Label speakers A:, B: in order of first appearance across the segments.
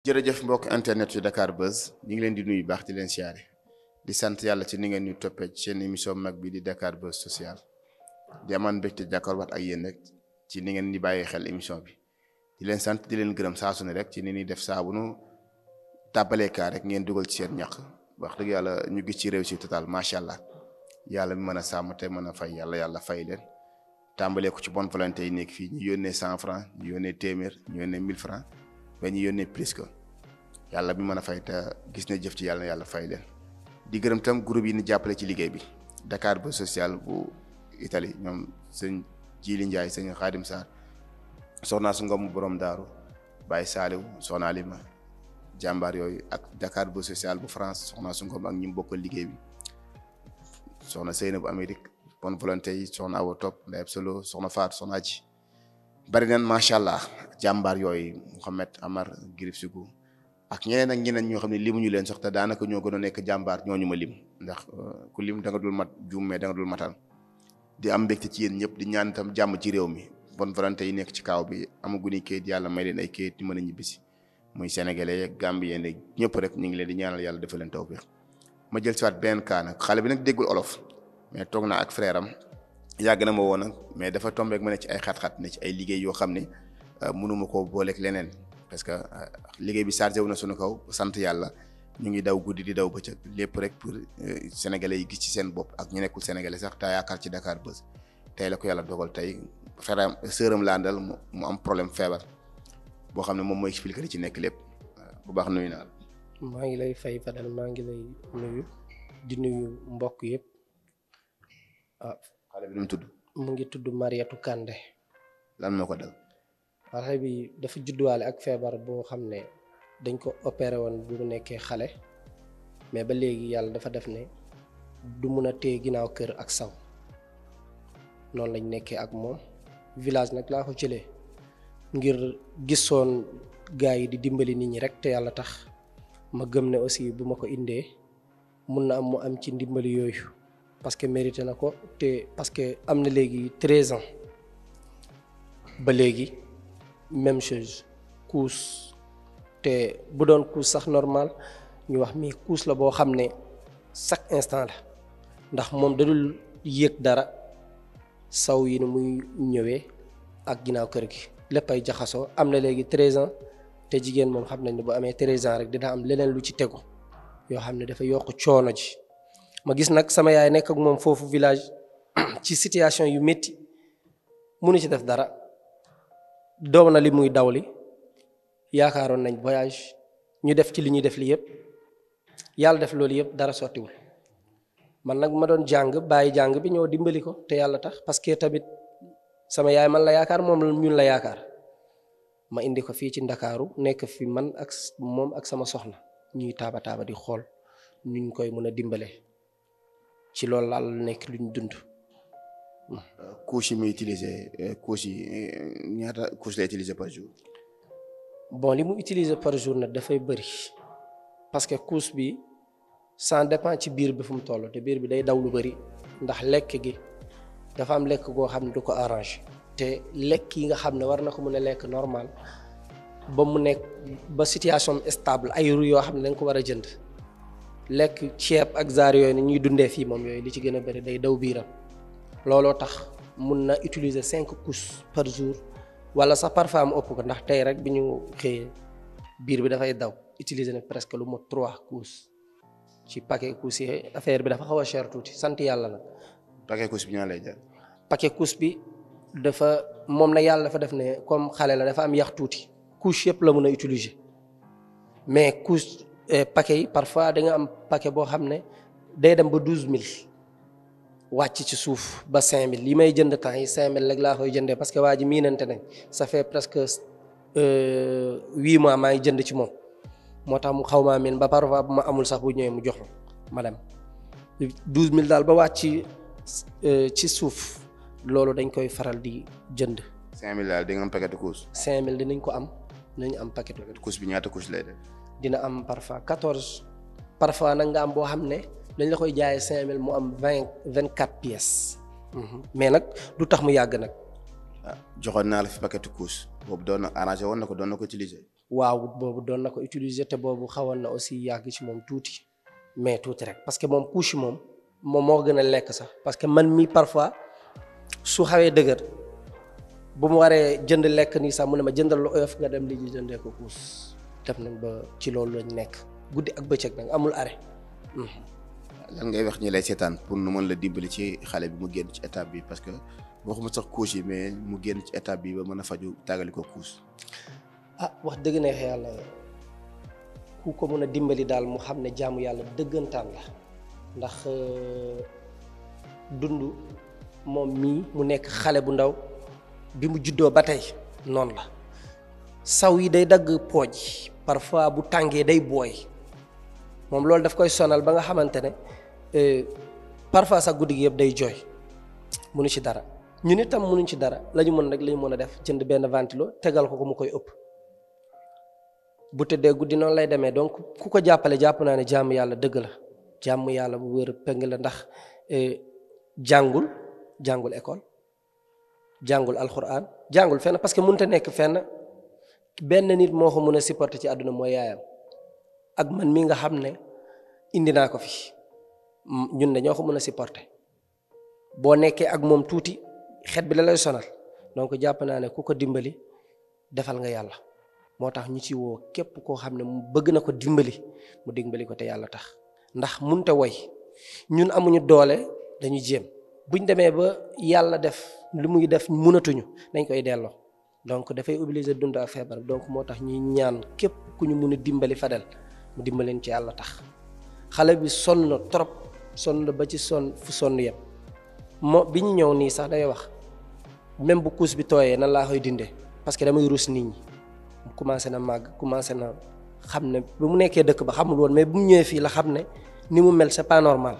A: jërëjëf mbokk internet yu Dakar Buzz ñu ngi leen di nuyu baax di leen siyaare di sant yàlla ci ni ngeen ñu toppee ci seen émission mag bi di Dakar Buzz social di amaan mbégte jàkkaarwaat ak yéen rek ci ni ngeen di bàyyi xel émission bi di leen sant di leen gërëm saa ne rek ci ni ñuy def saa nu tàbbalee kaa rek ngeen dugal ci seen ñaq wax dëgg yàlla ñu gis ci si total macha allah yàlla mi mën a sàmm te mën a fay yàlla yàlla fay leen tàmbalee ko ci bonne volonté yi fii ñu yónnee cent franc ñu yónnee téeméer mais ñu yónnee plus que yàlla bi mën a fay gis na jëf ci yàlla na yàlla fay leen. di gërëm tam groupe yi ñu jàppale ci liggéey bi Dakar ba social bu Italie ñoom sëñ Jili Ndiaye sëñ Xaadim Sarr soxnaa su borom daaru Baye Saliou soxna Alima jàmbaar yooyu ak Dakar ba social bu France soxnaa su Ngom ak ñi bokk bokkal liggéey bi soxna Seyna bu Amérique bonne volonté soxna Awa Top Ndeye Solo soxna Faat soxna Aji bari nañ macha allah jàmbaar yooyu Mouhamed Amar Girif Sigu ak ñeneen ak ñeneen ñoo xam ne limuñu leen sax te daanaka ñoo gën a nekk jàmbaar ñooñu ma lim ndax euh, ku lim da nga dul mat juum mais da dul matal di am mbégte ci yéen ñëpp di ñaan jàmm ci réew mi bonne volonté yi nekk ci kaaw bi amaguñu kayit yàlla may leen ay kayit ñu mën a ñibbisi muy sénégalais ak gambien ñëpp rek ñu ngi leen di ñaanal yàlla defal leen tawfiq ma jël si waat benn kaa nag xale bi nag déggul olof mais toog naa ak frère am yàgg na ma woo nag mais dafa tombé ak ma ne ci ay xat-xat ne ci ay liggéey yoo xam ne euh, mënuma koo booleek leneen parce que euh, liggéey bi chargé wu na suñu kaw sant yàlla ñu ngi daw guddi di daw bëccëg lépp rek pour euh, sénégalais yi gis ci seen bopp ak ñu nekkul sénégalais sax taa yaakaar ci Dakar Buzz tey la ko yàlla dogal tey feram sëram laa dal mu am problème feebar boo xam ne moom mooy expliqué li ci nekk lépp bu baax nuyu naa
B: maa ngi lay fay Fadel maa ngi la nuyu di mbokk yëpp. ah xale bi nu mu tudd. mu ngi tudd Mariétou Kandé. lan moo ko dal. xale bi dafa judduwaale ak feebar boo xam ne dañ ko opéré woon bu mu nekkee xale mais ba léegi yàlla dafa def ne du mun a téye ginnaaw kër ak saw noonu lañ nekkee ak moom village nag laa ko jëlee ngir gisoon gaa yi di dimbali nit ñi rek te yàlla tax ma gëm ne aussi bu ma ko indee mun na am mu am ci ndimbali yooyu. parce que mérité na ko te parce que am na léegi treize ans ba léegi même chose couche te bu doon couche sax normal ñu wax mi couche la boo xam ne chaque instant la ndax moom dadul yëg dara saw yi ni muy ñëwee ak ginnaaw kër gi lépp ay jaxasoo am na léegi treize ans te jigéen moom xam nañ ne bu amee treize ans rek dina am leneen lu ci tegu yoo xam ne dafa yokk coono ji ma gis nag sama yaay nekk ak moom foofu village ci situation yu métti munu ci def dara doom na li muy daw li yaakaaroon nañ voyage ñu def ci li ñuy def li yëpp yàlla def loolu yëpp dara sottiwul man nag ma doon jàng bàyyi jàng bi ñoo dimbali ko te yàlla tax parce que tamit sama yaay man la yaakaar moom ñun la yaakaar ma indi ko fii ci ndakaaru nekk fi man ak moom ak sama soxna ñuy taaba taaba di xool nuñ koy mën a dimbale ci loolu laal nekk lu ñu dund.
A: couche yi muy utiliser eh, couche eh, ñaata couche la utiliser par jour.
B: bon li mu utiliser par jour nag dafay bëri parce que couche bi ça dépend ci biir bi fu mu toll te biir bi day daw lu bëri ndax lekk gi dafa am lekk goo xam ne du ko arrange te lekk yi nga xam ne war na ko mun a lekk normal ba mu nekk ba situation stable ay ru yoo xam ne da nga ko war a jënd. lekk ceeb ak zaar yooyu ni ñuy dundee fii moom yooyu li ci gën a bëri day daw biiram looloo tax mun na utiliser cinq couches par jour wala sax parfois mu ëpp ko ndax tey rek bi ñu xëyee biir bi dafay daw utiliser na presque lu mot trois couches ci paquet couches yi affaire bi dafa xaw a cher tuuti sant yàlla nag.
A: paquet couche bi ñaa lay jar.
B: paquet couche bi dafa moom na yàlla dafa def ne comme xale la dafa am yax tuuti couche yëpp la mun a utiliser mais Eh, paquet yi parfois da nga am paquet boo xam ne day dem ba douze mille wàcc ci suuf ba cinq mille yi may jënd temps yi cinq mille laa koy jëndee parce que waa ji miinante nañ ça fait presque euh, huit mois maa ngi jënd ci moom moo tax mu xaw maa miin ba parfois bu ma amul sax bu ñëwee mu jox ma dem douze mille daal ba wàcc euh, ci suuf loolu dañ koy faral di jënd.
A: cinq mille daal di nga am paquet de course.
B: ko am dinañ am paquet de
A: course bi ñaata course lay def.
B: dina am parfois quatorze parfois nag nga am boo xam ne dañ la koy jaaye cinq mille mu am vingt vingt quatre pièces mhm. mais nag du tax mu yàgg nag
A: ah, joxoon naa la fi paquet couche boobu doon na arrangé woon na ko doon na ko utiliser
B: waaw boobu doon na ko utiliser te boobu xawoon na aussi yàgg ci moom tuuti mais tuuti rek parce que moom couche moom moom moo gën a lekk sax parce que man mii parfois su xawee dëgër bu mu waree jënd lekk nii sax mu ne ma jëndal lu oyof nga dem li ji jëndee ko couche def nañ ba ci loolu lañ nekk guddi ak bëccëg nag amul arrêt. Hmm.
A: lan ngay wax ñi lay seetaan pour nu mën la dimbali ci xale bi mu génn ci étape bi parce que waxuma sax couche yi mu génn ci étape bi ba mën a faju tàggali ko couche.
B: ah wax dëgg neex yàlla ku ko mën a dimbali daal mu xam ne jaamu yàlla dëggantaan la ndax euh, dund moom mii mu nekk xale bu ndaw bi mu juddoo ba tey noonu la. saw yi day dagg pooj parfois bu tàngee day booy moom loolu daf koy sonal ba nga xamante ne euh, parfois sax guddi gi yëpp day jooy munu ci dara ñu ni tam munuñ ci dara lañu ñu mën rek la ñu mën a def jënd benn ventilo tegal ko ko mu koy ëpp bu tëddee guddi noonu lay demee donc ku ko jàppale jàpp naa ne jàmm yàlla dëgg la jàmm yàlla bu wér peng la ndax euh, jàngul jàngul école jàngul alxuraan jàngul fenn parce que mënut nekk fenn. benn nit moo ko mën a supporter ci àdduna mooy yaayam ak man mi nga xam ne indi naa ko fi ñun dañoo ko mën a supporter boo nekkee ak moom tuuti xet bi la lay sonal donc jàpp naa ne ku ko dimbali defal nga yàlla moo tax ñu ci woo képp koo xam ne bëgg na ko dimbali mu dimbali ko te yàlla tax ndax munte woy ñun amuñu doole dañu jéem buñ demee ba yàlla def li muy def munatuñu dañ koy delloo donc dafay obligé dund ak feebar donc moo tax ñuy ñaan képp ku ñu mun a dimbali Fadel mu dimbaleen ci yàlla tax xale bi sonn na trop sonn na ba ci sonn fu sonn yem moo bi ñu ñëw nii sax day wax même bu couche bi tooyee nan laa koy dindee parce que damay ruus nit ñi commencé na màgg commencé na xam ne bi mu nekkee dëkk ba xamul woon mais bu mu ñëwee fii la xam ne ni mu mel c'est pas normal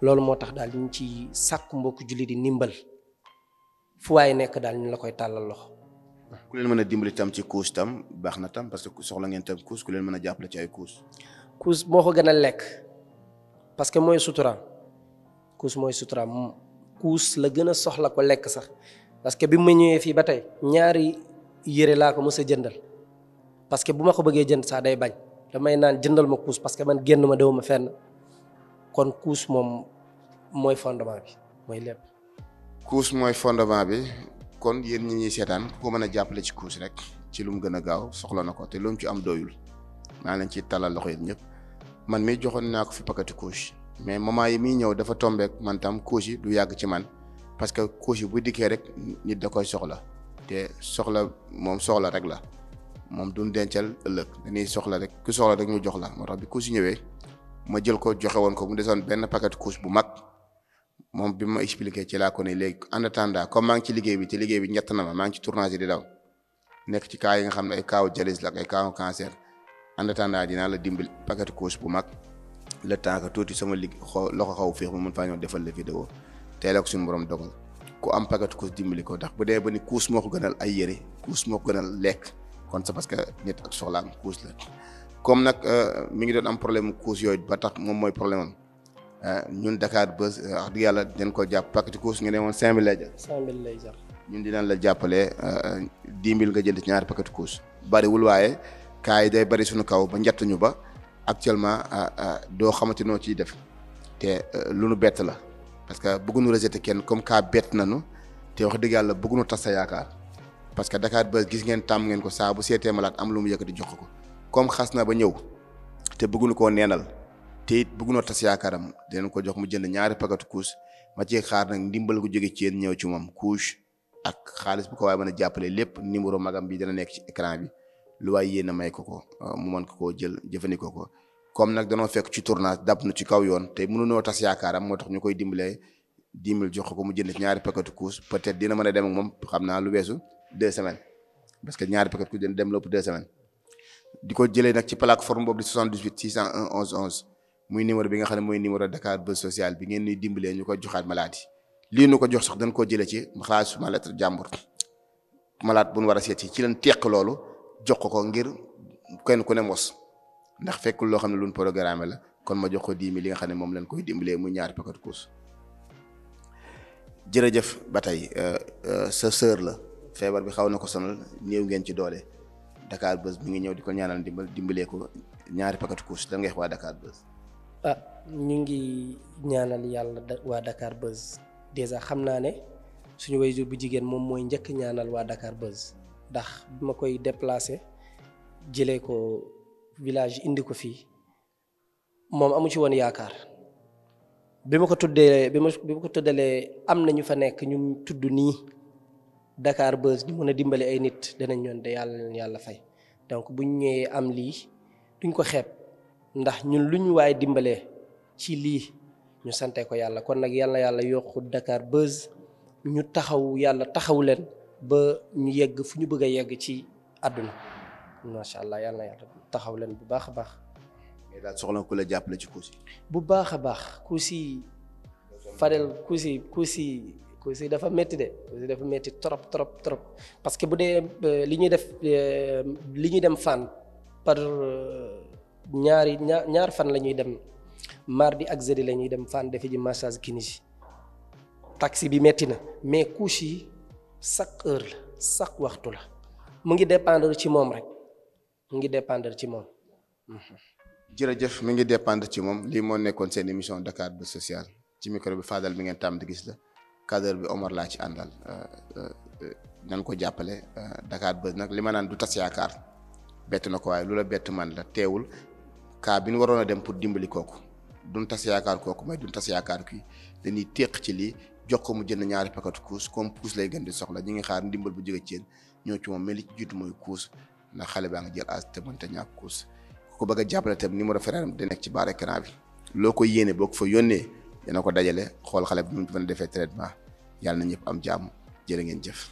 B: loolu moo tax daal ñu ci sàkk mbokku jullit di ndimbal fu waaye nekk daal ñu la koy tàllal loxo.
A: ku leen mën a dimbali tam ci couche tam baax na tam parce que soxla ngeen tam couche ku leen mën a jàppale ci ay couche.
B: couche moo ko gën a lekk parce que mooy sutura couche mooy sutura couche la gën a soxla ko lekk sax parce que bi ma ñëwee fii ba tey ñaari yére laa ko mës a jëndal parce que bu ma ko bëggee jënd sax day bañ damay naan jëndal ma couche parce que man génn ma dew ma fenn kon couche moom mooy fondement bi mooy lépp.
A: couche mooy fondement bi. kon yéen ñi ñuy seetaan koo mën a jàppale ci couche rek ci lu mu gën a gaaw soxla na ko te lu mu ci am doyul maa leen ciy talal loxo yéen ñëpp man mii joxoon naa ko fi pakati couche mais moment yi muy ñëw dafa tombeek man tam couche du yàgg ci man parce que couche bu dikkee rek nit da koy soxla te soxla moom soxla rek la moom duñ dencal ëllëg dañuy soxla rek ki soxla rek ñu jox la moo tax bi couche yi ñëwee ma jël ko joxe woon ko mu desoon benn paquet couche bu mag. moom bi ma expliqué ci laa ko ne léegi en attendant comme maa ngi ci liggéey bi te liggéey bi ñett na ma maa ngi ci tournage di daw nekk ci cas nga xam ne ay cas jalis la ay cas cancer en attendant dinaa la dimbali paquet couche bu mag le temps tuuti sama ligg loxo xaw féex ma mën faa ñëw defal la vidéo teel ak suñu borom dogal ku am paquet couche dimbali ko ndax bu dee ba ni couche moo ko gënal ay yére couche moo ko gënal lekk kon c'est parce que nit ak soxlaam couche la comme nag euh, mi ngi doon am problème couche yooyu ba tax moom mooy problème am Eh, ñun Dakar Buzz eh, wax dëgg yàlla dañ ko jàpp paquet course nga ne woon 5000 lay jar.
B: 5000 lay jar.
A: ñun dinañ la jàppale 10 eh, 000 nga jënd ci ñaari paquet bariwul waaye kaay day bari suñu kaw ba njett ñu ba actuellement doo xamante noo ciy def te lu nu bett la parce que bëgguñu rejeté kenn comme cas bett nañu te wax dëgg yàlla bëgguñu tas sa yaakaar parce que Dakar Buzz gis ngeen tàmm ngeen ko saa seetee malaat am lu mu yëkkati jox ko comme xas na ba ñëw te bëgguñu koo neenal. te it bëgg noo tas yaakaaram dinañ ko jox mu jënd ñaari pakatu couche ma ci xaar nag ndimbal gu jóge ci yéen ñëw ci moom couche ak xaalis bu ko waaye mën a jàppale lépp numéro magam bi dana nekk ci écran bi lu waay yéen a may ko ko mu mën ko jël jëfandikoo ko comme nag danoo fekk ci tournage dab nu ci kaw yoon te mënunoo tas yaakaaram moo tax ñu koy dimbalee dix mille jox ko mu jënd ñaari pakatu couche peut-être dina mën a dem moom xam naa lu weesu muy numéro bi nga xam ne mooy numéro Dakar Buzz Social bi ngeen di dimbalee ñu ko joxaat malade yi lii nu ko jox sax dañ koo jëlee ci xaalis malade jàmbur malade bu nu war a seet ci leen teq loolu jox ko ko ngir kenn ku ne mos ndax fekk loo xam ne lu luñ programme la kon ma jox ko 10 000 li nga xam ne moom lañ koy dimbalee muy ñaari paquet course jërëjëf ba tey euh, euh, sa sœur la feebar bi xaw na ko sonal néew ngeen ci doole Dakar Buzz mi ngi ñëw di ko ñaanal dimbal dimbalee ko ñaari paquet course lan ngay wax waa
B: ah ñu ngi ñaanal yàlla waa Dakar Buzz dèjà xam naa ne suñu wayjur bu jigéen moom mooy njëkk ñaanal waa Dakar Buzz ndax bi ma koy déplacé jëlee ko village indi ko fii moom amu ci woon yaakaar bi ma ko tuddee bi ma ko tuddalee am na ñu fa nekk ñu tudd nii dakaar Buzz ñu mën a dimbali ay nit danañ ñoon de yàlla leen yàlla fay donc buñ am lii duñ ko xeeb. ndax ñun lu ñu waaye dimbalee ci lii ñu santee ko yàlla kon nag yàlla yàlla yokku Dakar Buzz ñu taxaw yàlla taxaw leen ba ñu yegg fu ñu bëgg a yegg ci àdduna macha allah yàlla yàlla taxaw leen bu baax a baax.
A: mais daal soxla ku la jàppale ci Kossy.
B: bu baax a baax Kossy Fadel Kossy Kossy Kossy dafa métti de Kossy dafa métti trop trop trop parce que bu dee euh, li ñuy def euh, li ñuy dem fan par. Euh, ñaari ñaar ñaar fan la ñuy dem mardi ak jeudi la ñuy dem fan defe ji massage kinési taxi bi metti na mais couche yi chaque heure la chaque waxtu la mu ngi dépendre ci moom rek mu ngi dépendre ci moom. Mhm.
A: jërëjëf mi ngi dépendre ci moom lii moo nekkoon seen émission Dakar Buzz sociale ci micro bi Fadal mi ngeen tàmm di gis la cadre bi Omar laa ci àndal euh, euh, euh, nan ko jàppale Dakar Buzz nag li ma naan du tas yaakaar bett na ko waaye lu la bett man la teewul kaa bi nu waroon a dem pour dimbali kooku duñ tas yaakaar kooku may duñ tas yaakaar kii dañuy téq ci lii jox ko mu jënd ñaari paquet kuus comme kuus lay gën di soxla ñi ngi xaar ndimbal bu jóge ci yéen ñoo ci moom mais li ci jiitu mooy kuus ndax xale baa ngi jël as te mënta ñàkk kuus ku ko bëgg a jàppale tam numéro frère am di nekk ci barre écran bi loo ko yéene boo ko fa yónnee dina ko dajale xool xale bi mu mën a defee traitement yàlla na ñëpp am jàmm jërë ngeen jëf